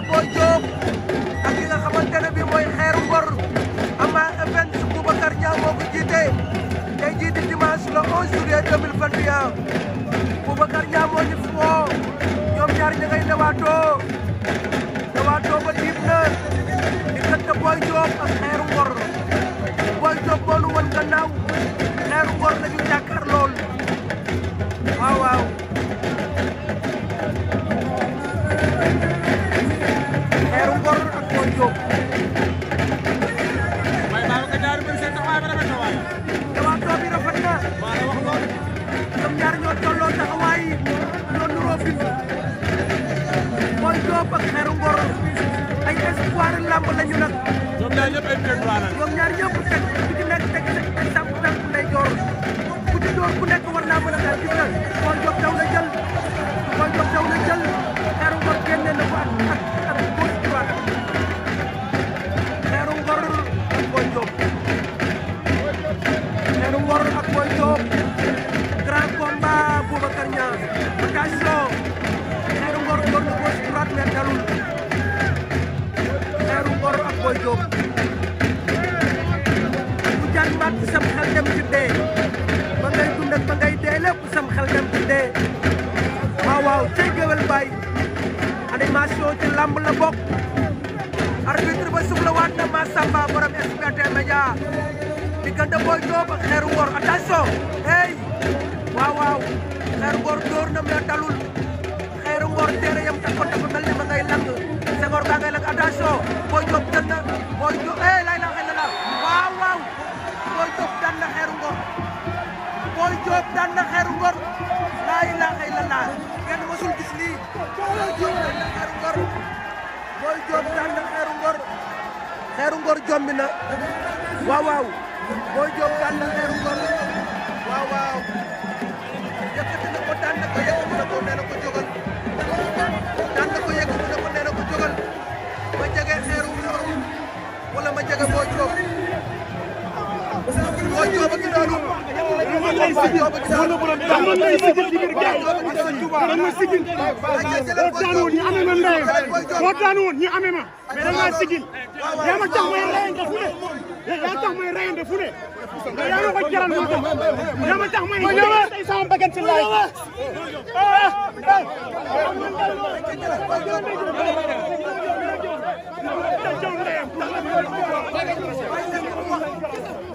Abdoulaye Boy Diop ak ki nga xamante ne bii mooy xeeru ngor Ama Events Boubacar Niang moo ko jiite tey jii di dimanche le 11 juillet 2021 Boubacar Niang moo ñu fi woo ñoom ñaar ña ngay lewaatoo lewaatoo ba tiit na diggante Boy Diop ak xeeru ngor Boy Diop moo nu woon gannaaw. ñoo tolloo taxawaay ñoo nuroo fi Boy Diop ak Xeeru Ngor ay espoir lamb lañu nag ñoom ñaar ñëpp ay victoire ñoom ñaar ñëpp Booy Diop ku sam xel dem ci dee ba ngay dund ak ngay dee lépp sam xel dem ci dee waaw waaw tey géwél baay animation ci làmb la bokk arbitre ba sub la waat na ma samba borom SBT Média diggante Boy Diop ak Xeeru Ngor attention hey waaw waaw Xeeru Ngor door na mais dalul Xeeru Ngor teere yam takko takko mel ne ma ngay lang Boy Diop daan na Xeeru Ngor Xeeru Ngor jombi na waaw waaw Boy Diop daan na Xeeru Ngor waaw waaw ko daan na na ko nee na jógal may sigil wala borom daal man may sigil di biir géej da ma sigil boo daan woon ñu amee ma ndeyam boo daan woon ñu amee ma mais da ngaa sigil yaa ma tax may reyante fu ne yaa tax may reyante fu ne yaa ma ko jaral moo tax yaa ma tax may reyante tey sama bëggan ci laay Thank you.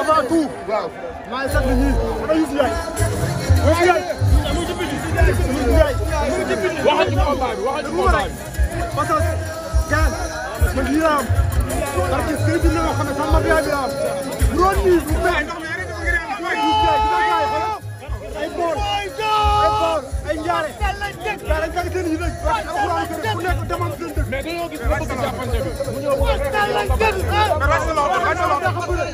avant tout. waaw maa ngi sant ku nekk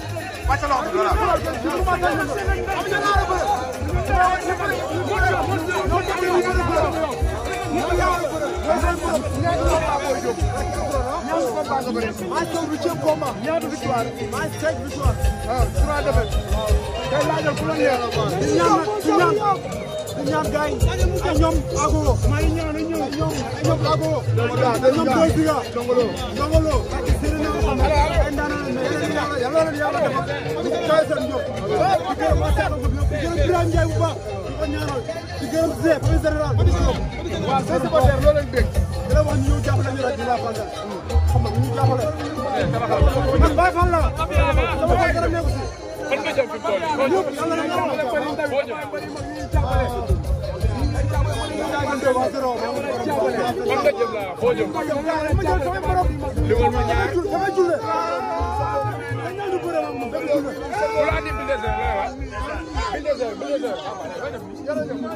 mais cinq huitième combat. ñaata victoire. mais cinq victoire. ah trois défaites. tey laajal ku la neex. di ñaan di ñaan di ñaan gars yi. ay ñoom Agogo. maa ngi ñaan ñoom ñoom Agogo. ñoom Boy Djiga. Ndongo Lo Ndongo Lo. na leen yàlla defal di joxe seen yóbbu di gërëm Assane Diop di gërëm Birame Ndiaye bu baax di ko ñaanal di gërëm Zé premier général di gërëm waaw seen supporter loolu lañ dégg di la wax ñu ñëw jàppale ñu rek di la fàngal xam nga ñu jàppale man Baye Fall la sama baay dara nekku si ñëpp yàlla na nga wax Boo jëm laa boo jëm. Li ma ñaar jërëjëf jërëjëf